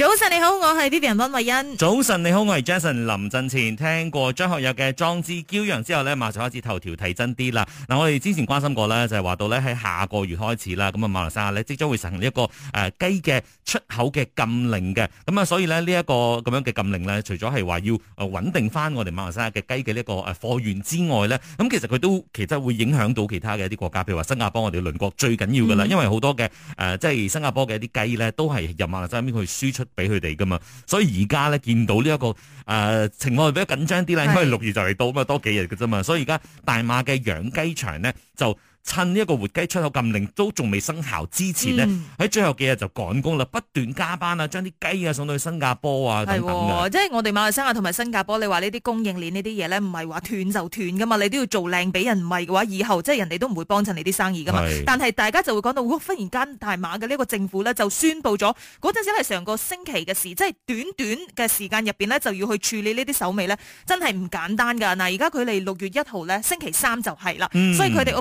早晨你好，我係 Vivian 温慧欣。早晨你好，我係 Jason 林振前。聽過張學友嘅《壯志驕陽》之後咧，馬上開始頭條睇真啲啦。嗱，我哋之前關心過咧，就係、是、話到咧喺下個月開始啦，咁啊馬來西亞咧即將會成一、這個誒、呃、雞嘅出口嘅禁令嘅。咁啊，所以咧呢一、這個咁樣嘅禁令咧，除咗係話要穩定翻我哋馬來西亞嘅雞嘅呢個誒貨源之外咧，咁其實佢都其實會影響到其他嘅一啲國家，譬如話新加坡，我哋鄰國最緊要噶啦，嗯、因為好多嘅誒、呃、即係新加坡嘅一啲雞咧都係由馬來西亞邊去輸出。俾佢哋噶嘛，所以而家咧見到呢、這、一個誒、呃、情況係比較緊張啲啦的因為六月就嚟到咁啊，多幾日嘅啫嘛，所以而家大馬嘅養雞場咧就。趁呢一個活雞出口禁令都仲未生效之前呢喺、嗯、最後幾日就趕工啦，不斷加班啊，將啲雞啊送到去新加坡啊等等嘅，即係我哋馬來西亞同埋新加坡，你話呢啲供應鏈呢啲嘢呢，唔係話斷就斷噶嘛，你都要做靚俾人，唔係嘅話，以後即係人哋都唔會幫襯你啲生意噶嘛。是但係大家就會講到、哦，忽然間大馬嘅呢個政府呢，就宣布咗，嗰陣時係上個星期嘅事，即、就、係、是、短短嘅時間入邊呢，就要去處理呢啲手尾呢。真係唔簡單噶。嗱，而家佢哋六月一號呢，星期三就係啦，嗯、所以佢哋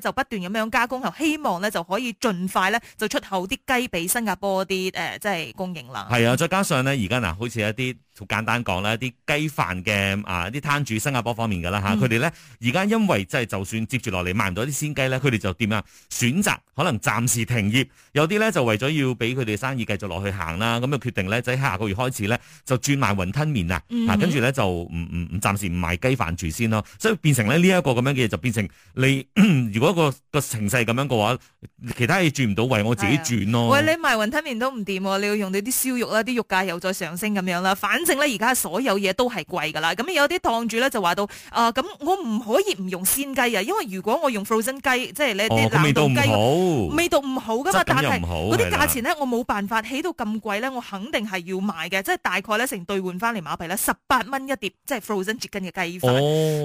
就不斷咁樣加工，又希望咧就可以盡快咧就出口啲雞俾新加坡啲誒，即、呃、係、就是、供應啦。係啊，再加上咧，而家嗱，好似一啲好簡單講啦一啲雞飯嘅啊，啲攤主新加坡方面嘅啦吓，佢哋咧而家因為即、就、係、是、就算接住落嚟賣唔到啲鮮雞咧，佢哋就點啊？選擇可能暫時停業，有啲咧就為咗要俾佢哋生意繼續落去行啦，咁就決定咧，喺、就是、下個月開始咧就轉賣雲吞麵、嗯、哼啊，嗱跟住咧就唔唔唔，暫時唔賣雞飯住先咯，所以變成咧呢一、這個咁樣嘅嘢就變成你。 如果個個情勢咁樣嘅話，其他嘢轉唔到位，為我自己轉咯。哎、喂，你賣雲吞麪都唔掂，你要用到啲燒肉啦，啲肉價又再上升咁樣啦。反正咧，而家所有嘢都係貴噶啦。咁有啲檔主咧就話到，啊、呃，咁我唔可以唔用鮮雞啊，因為如果我用 Frozen 雞，即係咧啲冷凍雞、哦，味道唔好，味道唔好噶嘛。質感又唔好，但係嗰啲價錢咧，我冇辦法的起到咁貴咧，我肯定係要買嘅。即、就、係、是、大概咧，成兌換翻嚟馬幣咧十八蚊一碟，即係 Frozen chicken 嘅雞飯。咁、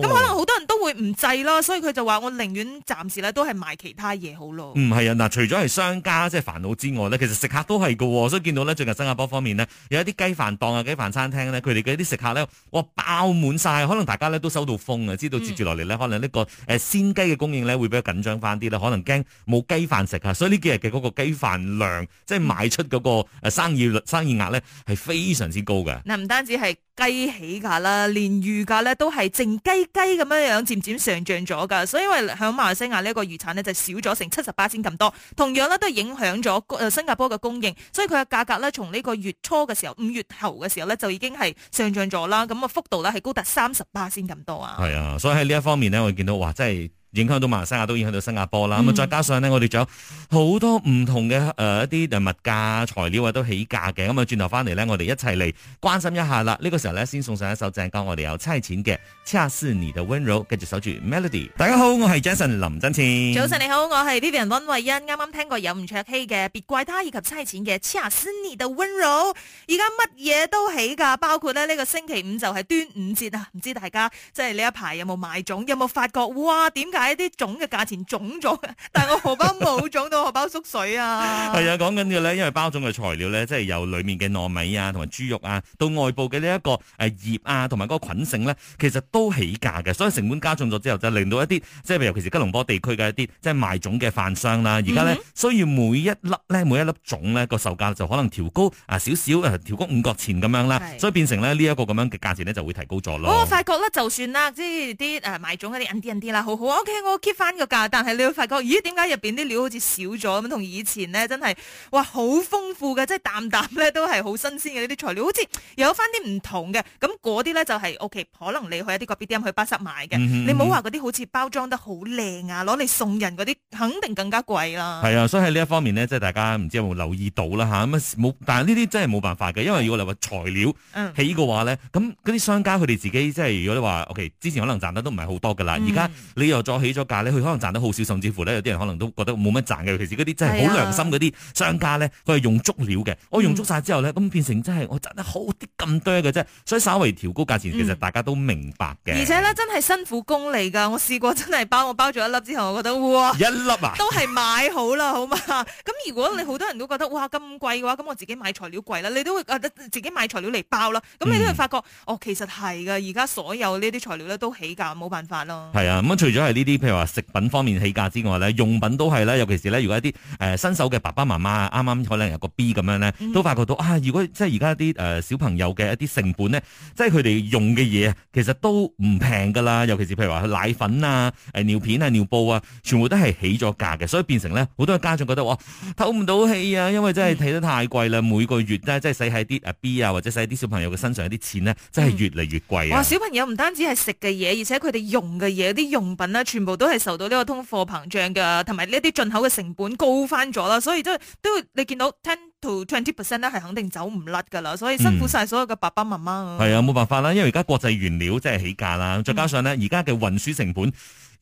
哦、可能好多人都會唔制咯，所以佢就話我寧願是咧，都係賣其他嘢好咯。唔係啊，嗱，除咗係商家即係煩惱之外咧，其實食客都係噶，所以見到咧最近新加坡方面呢，有一啲雞飯檔啊、雞飯餐廳咧，佢哋嘅啲食客咧，哇，爆滿晒，可能大家咧都收到風啊，知道接住落嚟咧，可能呢個誒鮮雞嘅供應咧會比較緊張翻啲啦，可能驚冇雞飯食啊，所以呢幾日嘅嗰個雞飯量，嗯、即係賣出嗰個誒生意率、生意額咧係非常之高嘅。嗱，唔單止係。雞起價啦，連魚價咧都係靜雞雞咁樣樣，漸漸上漲咗噶。所以因為響馬來西亞呢一個魚產咧就少咗成七十八巴仙咁多，同樣咧都係影響咗誒新加坡嘅供應，所以佢嘅價格咧從呢個月初嘅時候，五月頭嘅時候咧就已經係上漲咗啦。咁啊幅度咧係高達三十八巴仙咁多啊。係啊，所以喺呢一方面咧，我見到哇，真係。影響到馬來西亞，都影響到新加坡啦。咁啊，嗯、再加上呢，我哋仲有好多唔同嘅誒一啲誒物價材料啊，都起價嘅。咁啊，轉頭翻嚟，呢我哋一齊嚟關心一下啦。呢、這個時候呢，先送上一首正歌，我哋有差錢嘅《Cherseny 恰似你的溫柔》，繼續守住 Melody。大家好，我係 Jason 林真清。早晨你好，我係 Vivian 溫慧欣。啱啱聽過有吳卓羲嘅《別怪他》，以及差錢嘅《Cherseny 恰似你的溫柔》。而家乜嘢都起價，包括咧呢、這個星期五就係端午節啊！唔知大家即係呢一排有冇買粽，有冇發覺哇？點？係一啲粽嘅價錢漲咗，但係我荷包冇漲到荷包縮水啊！係啊，講緊嘅咧，因為包粽嘅材料咧，即係由裏面嘅糯米啊，同埋豬肉啊，到外部嘅呢一個誒葉啊，同埋嗰個菌性咧，其實都起價嘅，所以成本加重咗之後，就令到一啲即係尤其是吉隆坡地區嘅一啲即係賣粽嘅飯商啦，而家咧需要每一粒咧每一粒粽咧個售價就可能調高啊少少誒，調、啊、高五角錢咁樣啦，的所以變成咧呢一個咁樣嘅價錢咧就會提高咗咯。我發覺咧就算啦，即係啲誒賣粽嗰啲 n 啲 n 啲啦，好好啊。O.K. 我 keep 翻個價，但係你會發覺，咦？點解入邊啲料好似少咗咁？同以前咧真係哇好豐富嘅，即係啖啖咧都係好新鮮嘅呢啲材料，好似有翻啲唔同嘅。咁嗰啲咧就係、是、O.K.，可能你去一啲個 B.D.M. 去巴室買嘅，嗯嗯嗯你冇話嗰啲好似包裝得好靚啊，攞嚟送人嗰啲，肯定更加貴啦。係啊，所以喺呢一方面咧，即係大家唔知有冇留意到啦吓，咁冇。但係呢啲真係冇辦法嘅，因為如果你話材料起嘅話咧，咁嗰啲商家佢哋自己即係如果你話 O.K. 之前可能賺得都唔係好多噶啦，而家、嗯、你又再起咗價咧，佢可能賺得好少，甚至乎咧有啲人可能都覺得冇乜賺嘅。尤其那些是嗰啲真係好良心嗰啲商家咧，佢係、啊、用足料嘅。我用足晒之後咧，咁、嗯、變成真係我賺得好啲咁多嘅啫。所以稍微調高價錢，其實大家都明白嘅、嗯。而且咧真係辛苦工嚟噶，我試過真係包我包咗一粒之後，我覺得哇，一粒啊，都係買好啦，好嘛。咁如果你好、嗯、多人都覺得哇咁貴嘅話，咁我自己買材料貴啦，你都會覺得自己買材料嚟包啦。咁你都會發覺、嗯、哦，其實係噶，而家所有呢啲材料咧都起價，冇辦法咯。係啊，咁除咗係呢。啲譬如話食品方面起價之外咧，用品都係咧，尤其是咧，如果一啲誒、呃、新手嘅爸爸媽媽啱啱可能有個 B 咁樣咧，都發覺到啊，如果即係而家啲誒小朋友嘅一啲成本咧，即係佢哋用嘅嘢其實都唔平噶啦，尤其是譬如話奶粉啊、誒尿片啊、尿,尿布啊，全部都係起咗價嘅，所以變成咧好多家長覺得哇，透唔到氣啊，因為真係睇得太貴啦，嗯、每個月咧即係使喺啲誒 B 啊，或者使喺啲小朋友嘅身上的一啲錢咧，真係越嚟越貴、啊、哇，小朋友唔單止係食嘅嘢，而且佢哋用嘅嘢、啲用品咧、啊，全全部都係受到呢個通貨膨脹噶，同埋呢啲進口嘅成本高翻咗啦，所以即係都你見到 ten to twenty percent 咧係肯定走唔甩噶啦，所以辛苦晒所有嘅爸爸媽媽。係、嗯、啊，冇辦法啦，因為而家國際原料即係起價啦，再加上咧而家嘅運輸成本。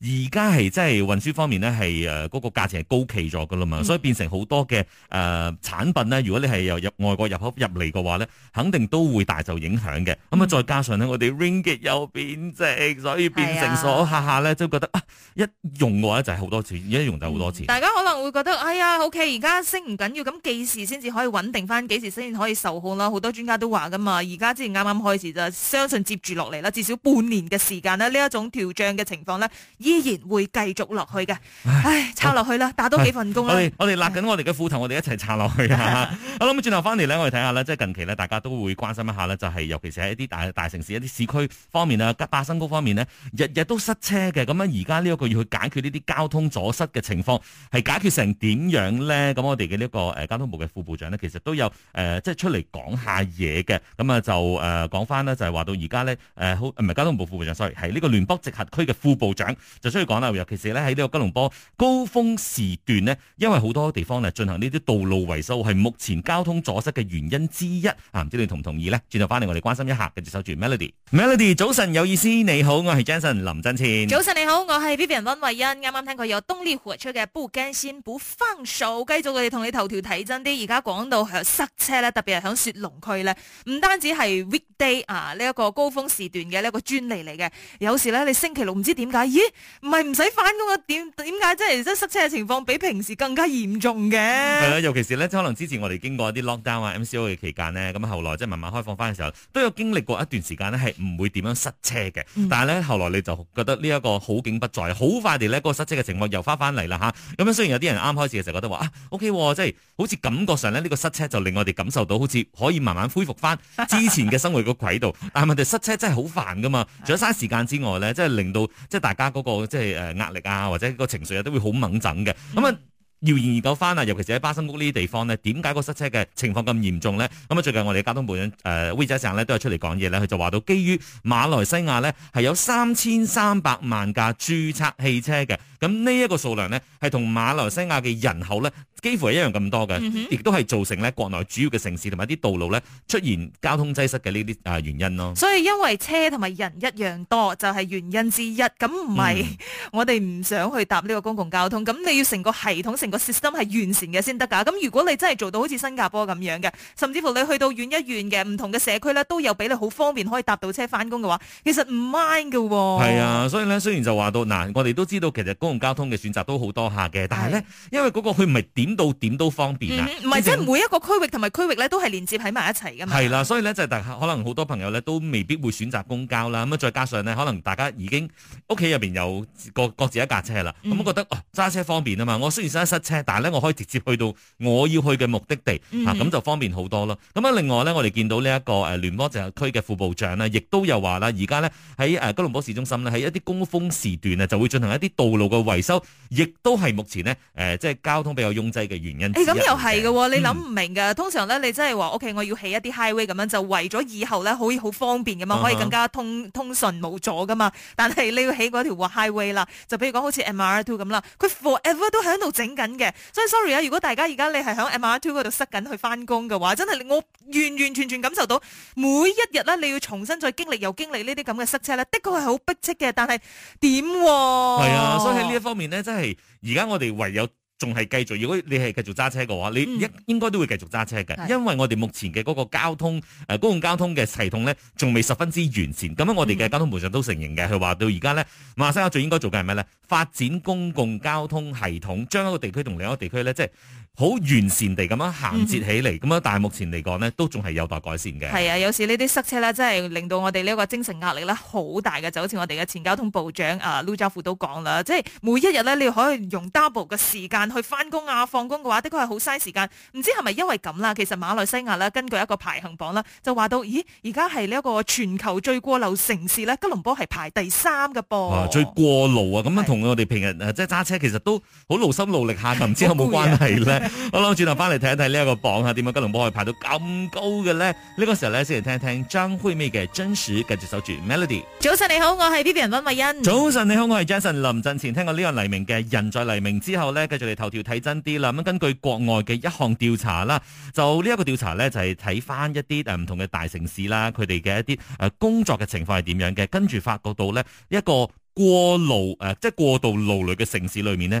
而家係真係運輸方面呢係誒嗰個價錢係高企咗噶啦嘛，嗯、所以變成好多嘅誒、呃、產品呢，如果你係由入外國入口入嚟嘅話呢肯定都會大受影響嘅。咁啊、嗯，再加上呢我哋 Ringgit 又貶值，所以變成所下下呢都覺得啊，一用嘅話就係好多錢，一用就好多錢、嗯。大家可能會覺得哎呀，OK，而家升唔緊要，咁幾時先至可以穩定翻？幾時先至可以受控啦？好多專家都話噶嘛，而家之前啱啱開始就相信接住落嚟啦，至少半年嘅時間呢，呢一種調漲嘅情況呢，依然會繼續落去嘅，唉，撐落去啦，唉打多幾份工啦。唉我哋們我哋勒緊我哋嘅褲頭，唉我哋一齊撐落去嚇。好啦， 咁轉頭翻嚟咧，我哋睇下咧，即係近期咧，大家都會關心一下咧，就係、是、尤其是喺一啲大大城市一啲市區方面啊、吉巴新高方面呢，日日都塞車嘅。咁樣而家呢一個要去解決呢啲交通阻塞嘅情況，係解決成點樣咧？咁我哋嘅呢個個交通部嘅副部長呢，其實都有誒、呃、即係出嚟講下嘢嘅。咁啊就誒講翻呢，就係、是、話到而家咧好唔係交通部副部長，sorry，係呢個聯邦直轄區嘅副部長。就需以講啦，尤其是咧喺呢個吉隆坡高峰時段呢，因為好多地方呢進行呢啲道路維修，係目前交通阻塞嘅原因之一。啊，唔知道你同唔同意呢？轉頭翻嚟，我哋關心一下嘅節守住 Melody。Melody，Mel 早晨有意思，你好，我係 j e n s o n 林振前。早晨你好，我係 Vivian 温慧欣。啱啱聽過有東尼火出嘅《不驚先。補放手》。繼續我哋同你頭條睇真啲，而家講到塞車咧，特別係響雪龍區咧，唔單止係 weekday 啊呢一、這個高峰時段嘅呢一個專利嚟嘅。有時咧你星期六唔知點解，咦？唔係唔使翻工啊，點點解，即係即係塞車嘅情況比平時更加嚴重嘅。係啦、嗯，尤其是咧，可能之前我哋經過一啲 lockdown 啊、MCO 嘅期間呢。咁啊後來即係慢慢開放翻嘅時候，都有經歷過一段時間咧，係唔會點樣塞車嘅。但係咧後來你就覺得呢一個好景不在，好快地咧個塞車嘅情況又翻翻嚟啦吓。咁、啊、樣雖然有啲人啱開始嘅時候覺得話啊，OK，即、哦、係、就是、好似感覺上咧呢個塞車就令我哋感受到好似可以慢慢恢復翻之前嘅生活個軌道， 但係問題塞車真係好煩噶嘛，除咗嘥時間之外咧，即、就、係、是、令到即係大家嗰、那個。即係誒壓力啊，或者個情緒啊，都會好猛整嘅。咁啊、嗯，調研研究翻啊，尤其是喺巴生谷呢啲地方咧，點解個塞車嘅情況咁嚴重咧？咁、嗯、啊，最近我哋嘅交通部長誒 Wee Ka Siong 咧都有出嚟講嘢咧，佢就話到基於馬來西亞咧係有三千三百萬架注冊汽車嘅，咁呢一個數量咧係同馬來西亞嘅人口咧。幾乎係一樣咁多嘅，亦都係造成咧國內主要嘅城市同埋一啲道路咧出現交通擠塞嘅呢啲啊原因咯。所以因為車同埋人一樣多，就係原因之一。咁唔係我哋唔想去搭呢個公共交通，咁你要成個系統成個 system 係完善嘅先得㗎。咁如果你真係做到好似新加坡咁樣嘅，甚至乎你去到遠一遠嘅唔同嘅社區咧，都有俾你好方便可以搭到車返工嘅話，其實唔 mind 㗎喎。係啊，所以咧雖然就話到嗱，我哋都知道其實公共交通嘅選擇都好多下嘅，但係咧因為嗰個佢唔係點。點到點都方便啊！唔係，即係每一個區域同埋區域咧，都係連接喺埋一齊噶嘛。係啦，所以咧就係大家可能好多朋友咧都未必會選擇公交啦。咁啊，再加上咧，可能大家已經屋企入邊有個各，各自一架車啦。咁、嗯、覺得哦，揸車方便啊嘛。我雖然識得塞車，但係咧我可以直接去到我要去嘅目的地，咁、嗯哼啊、就方便好多咯。咁啊，另外咧，我哋見到呢一個誒聯邦政區嘅副部長呢，亦都有話啦，而家咧喺誒吉隆坡市中心咧，喺一啲高峰時段啊，就會進行一啲道路嘅維修，亦都係目前呢，誒、呃，即係交通比較擁。嘅原因，咁又係嘅喎，啊嗯、你諗唔明㗎。通常咧，你真係話，OK，我要起一啲 highway 咁樣，就為咗以後咧可以好方便咁樣，可以更加通通順無阻噶嘛。但係你要起嗰條 highway 啦，就譬如講好似 M R Two 咁啦，佢 forever 都喺度整緊嘅。所以 sorry 啊，如果大家而家你係喺 M R Two 嗰度塞緊去翻工嘅話，真係我完完全全感受到每一日咧，你要重新再經歷又經歷呢啲咁嘅塞車咧，的確係好逼迫嘅。但係點？係啊、哎，所以喺呢一方面咧，真係而家我哋唯有。仲係繼續，如果你係繼續揸車嘅話，你應應該都會繼續揸車嘅，嗯、因為我哋目前嘅嗰個交通誒、呃、公共交通嘅系統咧，仲未十分之完善。咁樣我哋嘅交通模式都成型嘅，佢話、嗯、到而家咧，馬莎亞最應該做嘅係咩咧？發展公共交通系統，將一個地區同另一個地區咧，即係。好完善地咁樣銜接起嚟，咁、嗯、樣但係目前嚟講呢，都仲係有待改善嘅。係啊，有時呢啲塞車咧，真係令到我哋呢一個精神壓力咧好大嘅，就好似我哋嘅前交通部長啊陸兆福都講啦，即係每一日咧，你要可以用 double 嘅時間去返工啊、放工嘅話，的確係好嘥時間。唔知係咪因為咁啦？其實馬來西亞呢，根據一個排行榜啦，就話到，咦，而家係呢一個全球最過勞城市咧，吉隆坡係排第三嘅噃、啊。最過勞啊，咁樣同我哋平日是即係揸車其實都好勞心勞力下，唔知有冇關係咧？累 好啦，轉頭翻嚟睇一睇呢一個榜吓，點解吉隆坡可以排到咁高嘅咧？呢、這個時候咧，先嚟聽一聽張惠妹嘅《真實》繼續守住 melody。早晨你好，我係 Vivian 温慧欣。早晨你好，我係 Jason 林振前。聽過呢個黎明嘅《人在黎明》之後咧，繼續嚟頭條睇真啲啦。咁根據國外嘅一項調查啦，就呢一個調查咧，就係睇翻一啲誒唔同嘅大城市啦，佢哋嘅一啲誒工作嘅情況係點樣嘅，跟住發覺到咧一個過勞誒、呃，即係過度勞累嘅城市裏面呢。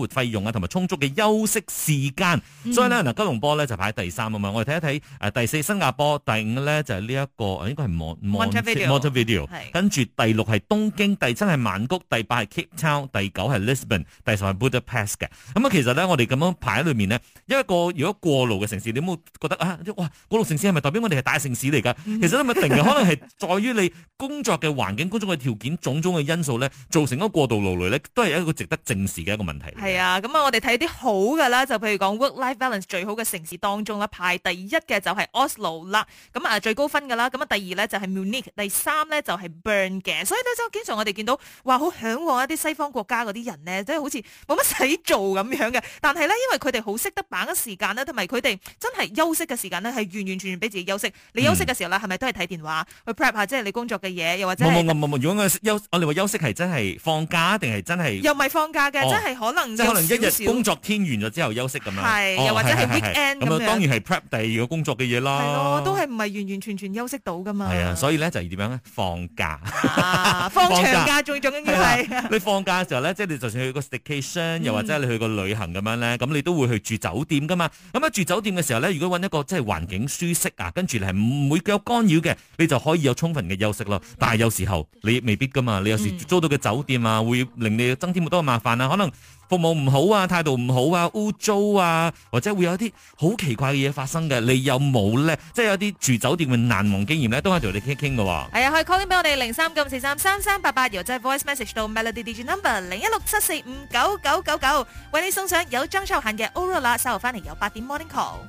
活費用啊，同埋充足嘅休息時間，所以呢，嗱，九龍坡咧就排第三、嗯、看看啊嘛。我哋睇一睇誒，第四新加坡，第五咧就係呢一個，應該係 Mon 跟住第六係東京，嗯、第七係曼谷，第八係 Kipchak，第九係 Lisbon，第十係 Budapest 嘅。咁、嗯、啊，嗯、其實呢，我哋咁樣排喺裏面呢，一個如果過勞嘅城市，你有冇覺得啊？哇，過勞城市係咪代表我哋係大城市嚟噶？嗯、其實都唔一定嘅， 可能係在於你工作嘅環境、工作嘅條件、種種嘅因素咧，造成一個過度勞累咧，都係一個值得正視嘅一個問題。啊，咁啊，我哋睇啲好嘅啦，就譬如講 work-life balance 最好嘅城市當中咧，排第一嘅就係 Oslo 啦，咁啊最高分㗎啦，咁啊第二咧就係 Munich，第三咧就係 Bern 嘅，所以咧就經常我哋見到話好向往一啲西方國家嗰啲人咧，即係好似冇乜使做咁樣嘅，但係咧因為佢哋好識得把握時間咧，同埋佢哋真係休息嘅時間咧係完完全全俾自己休息，你休息嘅時候咧係咪都係睇電話去 prep 下即係你工作嘅嘢，又或者冇如果我休我哋話休息係真係放假定係真係？又唔係放假嘅，真係可能、哦。可能一日工作天完咗之後休息咁樣，係又或者係 weekend 咁啊，當然係 prep 第二個工作嘅嘢啦。係都係唔係完完全全休息到噶嘛？係啊，所以咧就係點樣咧？放假，啊、放長假最重要係。你放假嘅時候咧，即係你就算你去個 staycation，又或者你去個旅行咁樣咧，咁、嗯、你都會去住酒店噶嘛？咁啊住酒店嘅時候咧，如果搵一個即係環境舒適啊，跟住係唔會有干擾嘅，你就可以有充分嘅休息咯。但係有時候你未必噶嘛，你有時候租到嘅酒店啊，會令你增添好多嘅麻煩啊，可能。服務唔好啊，態度唔好啊，污糟啊，或者會有啲好奇怪嘅嘢發生嘅，你有冇咧？即係有啲住酒店嘅難忘經驗咧，都可以同我哋傾傾㗎喎。係啊，可以 call 緊俾我哋零三九四三三三八八，或者 voice message 到 melody DJ number 零一六七四五九九九九，為你送上有張收限嘅 Oraola，稍後翻嚟有八點 morning call。